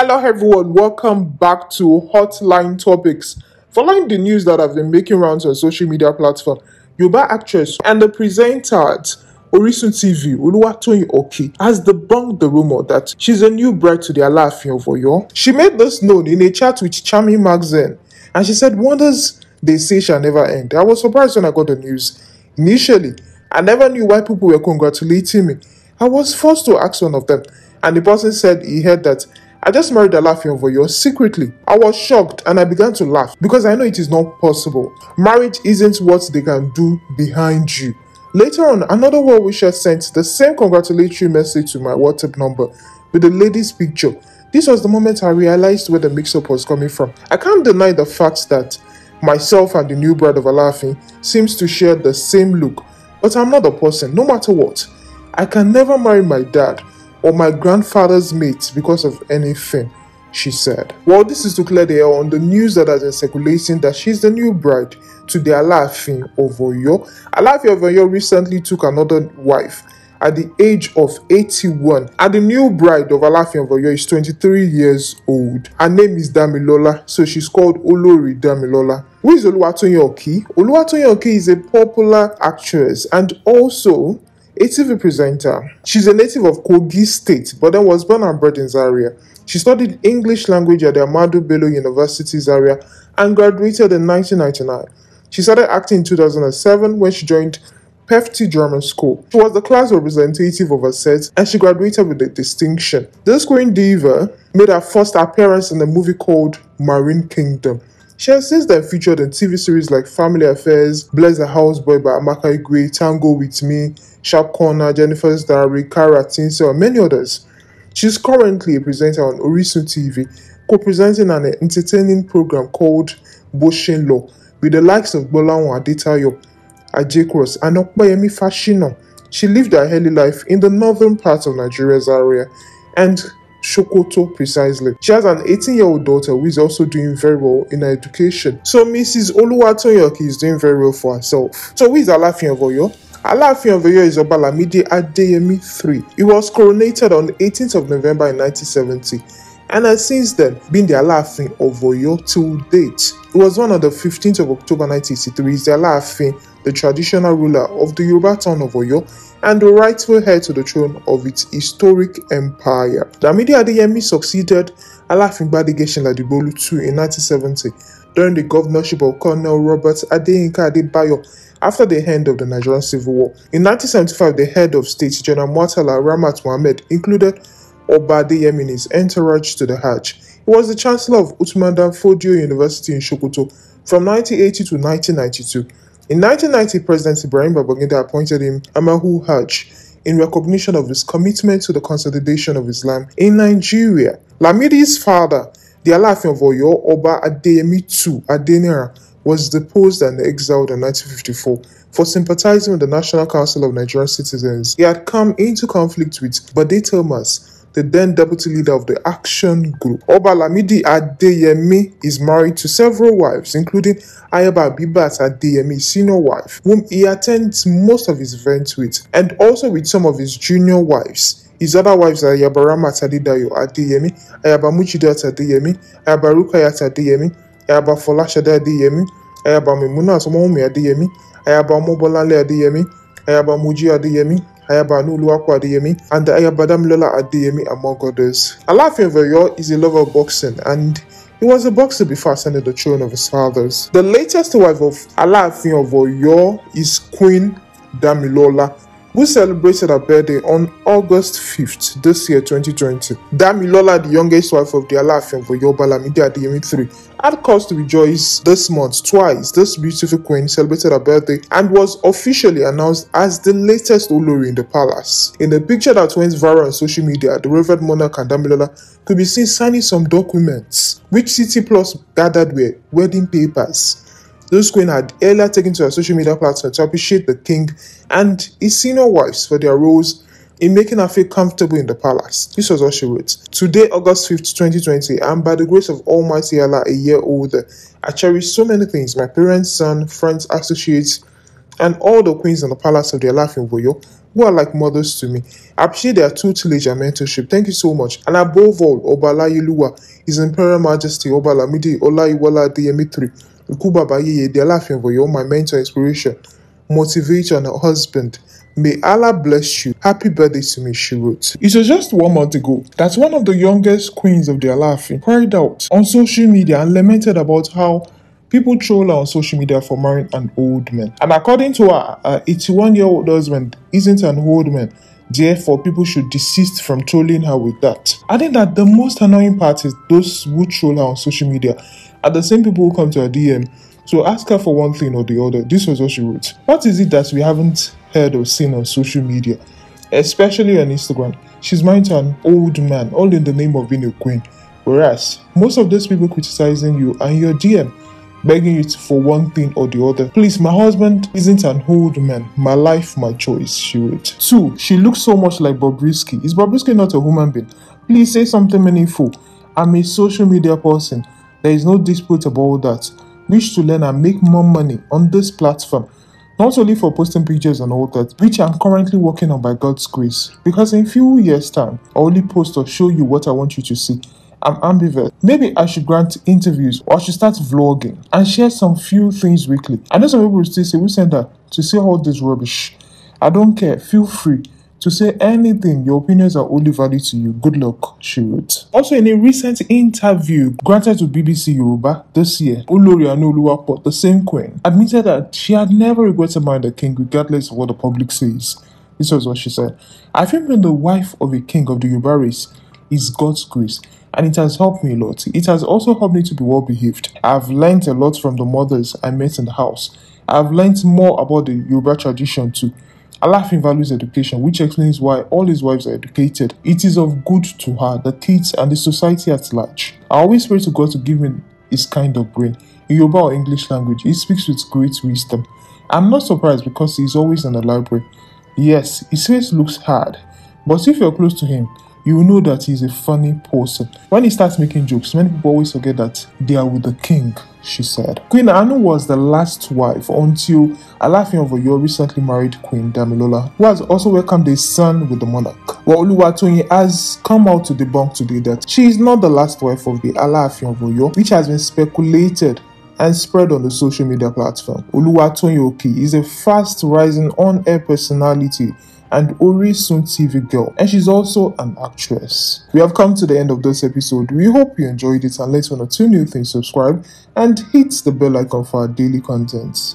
Hello, everyone. Welcome back to Hotline Topics. Following the news that i have been making rounds on social media platform, Yuba actress and the presenter at Orisun TV, Oluwatoyin Oki, has debunked the rumor that she's a new bride to the Alaafin of Oyo. She made this known in a chat with Chami magazine, and she said, "Wonders they say shall never end." I was surprised when I got the news. Initially, I never knew why people were congratulating me. I was forced to ask one of them, and the person said he heard that I just married laughing over you secretly. I was shocked and I began to laugh because I know it is not possible. Marriage isn't what they can do behind you. Later on, another well wisher sent the same congratulatory message to my WhatsApp number with the lady's picture. This was the moment I realized where the mix up was coming from. I can't deny the fact that myself and the new bride of Alafin seems to share the same look, but I'm not a person, no matter what. I can never marry my dad or my grandfather's mate because of anything, she said. Well, this is to clear the air on the news that has been circulating that she's the new bride to the Alaafin of Oyo. Alaafin of Oyo recently took another wife at the age of 81 and the new bride of Alaafin of Oyo is 23 years old. Her name is Damilola, so she's called Olori Damilola. Who is Oluwatoyin Oki? Oluwatoyin Oki is a popular actress and also a TV presenter. She's a native of Kogi State, but then was born and bred in Zaria. She studied English language at the Amadu Bello University, Zaria, and graduated in 1999. She started acting in 2007 when she joined Pefti German School. She was the class representative of her set and she graduated with a distinction. This green diva made her first appearance in a movie called Marine Kingdom. She has since then featured in TV series like Family Affairs, Bless the Houseboy by Amaka Igwe, Tango With Me, Sharp Corner, Jennifer's Diary, *Kara Tinsel, and many others. She's currently a presenter on Orisun TV, co-presenting an entertaining program called Boshin Law with the likes of Bolawo Adetayo, Ajay Cross, and Okpayemi Fashina. She lived her early life in the northern part of Nigeria's area and Shokoto precisely. She has an 18 year old daughter who is also doing very well in her education. So Mrs. Oluwatoyoki is doing very well for herself. So who is Alafian of Oyo? Alaafin of Oyo is Obalamide Adeyemi III. He was coronated on 18th of November in 1970 and has since then been their Alaafin of Oyo till date. It was one on the 15th of October 1963, the Alaafin, the traditional ruler of the Yoruba town of Oyo, and the rightful heir to the throne of its historic empire. Damidi Adeyemi succeeded Alaafin Gbadege Ladibolu II in 1970 during the governorship of Colonel Robert Adeyinka Adebayo after the end of the Nigerian Civil War. In 1975, the head of state, General Muatala Ramat Mohammed, included Obadeyemi entourage to the Hajj. He was the chancellor of Utmanda Fodio University in Sokoto from 1980 to 1992. In 1990, President Ibrahim Babangida appointed him Amahu Hajj in recognition of his commitment to the consolidation of Islam in Nigeria. Lamidi's father, the Alafin of Oyo, Oba Adeyemi II Adenira, was deposed and exiled in 1954 for sympathizing with the National Council of Nigerian Citizens. He had come into conflict with Bade Thomas, the then deputy leader of the Action Group. Obalamidi Adeyemi is married to several wives, including Ayaba Abibat Adeyemi, senior wife, whom he attends most of his events with, and also with some of his junior wives. His other wives are Yabarama Tadidayo Adeyemi, Ayaba Mujidat Adeyemi, Ayaba Rukayat Adeyemi, Ayaba Folashade Adeyemi, Ayaba Mimuna Atomowumi Adeyemi, Ayaba Omobolale Adeyemi, Ayaba Muji Adeyemi, Ayabanu Luwaku and Ayabadam Lola Adeyemi, among others. Alafin Veyo is a lover of boxing and he was a boxer before ascending the throne of his fathers. The latest wife of Alafin of Oyo is Queen Damilola who celebrated her birthday on August 5th this year 2020. Damilola, the youngest wife of the Alaafin Yoba Lamidi Adeyemi III, had cause to rejoice this month twice. This beautiful queen celebrated her birthday and was officially announced as the latest Olori in the palace. In the picture that went viral on social media, the Reverend Monarch and Damilola could be seen signing some documents, which City Plus gathered were wedding papers. Those Queen had earlier taken to her social media platform to appreciate the king and his senior wives for their roles in making her feel comfortable in the palace. This was what she wrote. Today, August 5th, 2020, I'm by the grace of Almighty Allah a year older. I cherish so many things my parents, son, friends, associates, and all the queens in the palace of their life in Boyo who are like mothers to me. I appreciate their tutelage and mentorship. Thank you so much. And above all, Obala Yuluwa, His Imperial Majesty Obalamidi Olaiwala Dimitri, Kubaba Yeye, the Laughing Boy, my mentor inspiration, motivator and husband. May Allah bless you. Happy birthday to me, she wrote. It was just one month ago that one of the youngest queens of the Alafin cried out on social media and lamented about how people troll her on social media for marrying an old man. And according to her, her 81 year old husband isn't an old man Therefore, people should desist from trolling her with that. I think that the most annoying part is those who troll her on social media are the same people who come to her DM so ask her for one thing or the other. This was what she wrote. What is it that we haven't heard or seen on social media, especially on Instagram? She's married to an old man, all in the name of being a queen. Whereas most of those people criticizing you and your DM begging you for one thing or the other. Please, my husband isn't an old man. My life, my choice, she wrote. Two, she looks so much like Bobrisky. Is Bobrisky not a human being? Please say something meaningful. I'm a social media person. There is no dispute about that. Wish to learn and make more money on this platform. Not only for posting pictures and all that, which I'm currently working on by God's grace. Because in few years' time, I'll only post or show you what I want you to see. I'm ambivert. Maybe I should grant interviews or I should start vlogging and share some few things weekly. I know some people will still say, we send that to say all this rubbish. I don't care. Feel free to say anything. Your opinions are only valid to you. Good luck, she wrote. Also, in a recent interview granted to BBC Yoruba this year, Olori Anoluwapo, the same queen, admitted that she had never regretted marrying the king regardless of what the public says. This was what she said. I've been the wife of a king of the Yoruba race is God's grace and it has helped me a lot. It has also helped me to be well behaved. I've learned a lot from the mothers I met in the house. I've learned more about the Yoruba tradition too. Alafin values education, which explains why all his wives are educated. It is of good to her, the kids, and the society at large. I always pray to God to give me his kind of brain. In Yoruba or English language, he speaks with great wisdom. I'm not surprised because he is always in the library. Yes, his face looks hard, but if you're close to him, you will know that he's a funny person. When he starts making jokes, many people always forget that they are with the king, she said. Queen Anu was the last wife until Alafin of Oyo recently married Queen Damilola, who has also welcomed a son with the monarch. While Oluwatoyin has come out to debunk today that she is not the last wife of the Alafin of Oyo, which has been speculated and spread on the social media platform. Oluwatoyin Oke is a fast rising on air personality and Ori TV girl, and she's also an actress. We have come to the end of this episode. We hope you enjoyed it and let's one two new things subscribe and hit the bell icon for our daily content.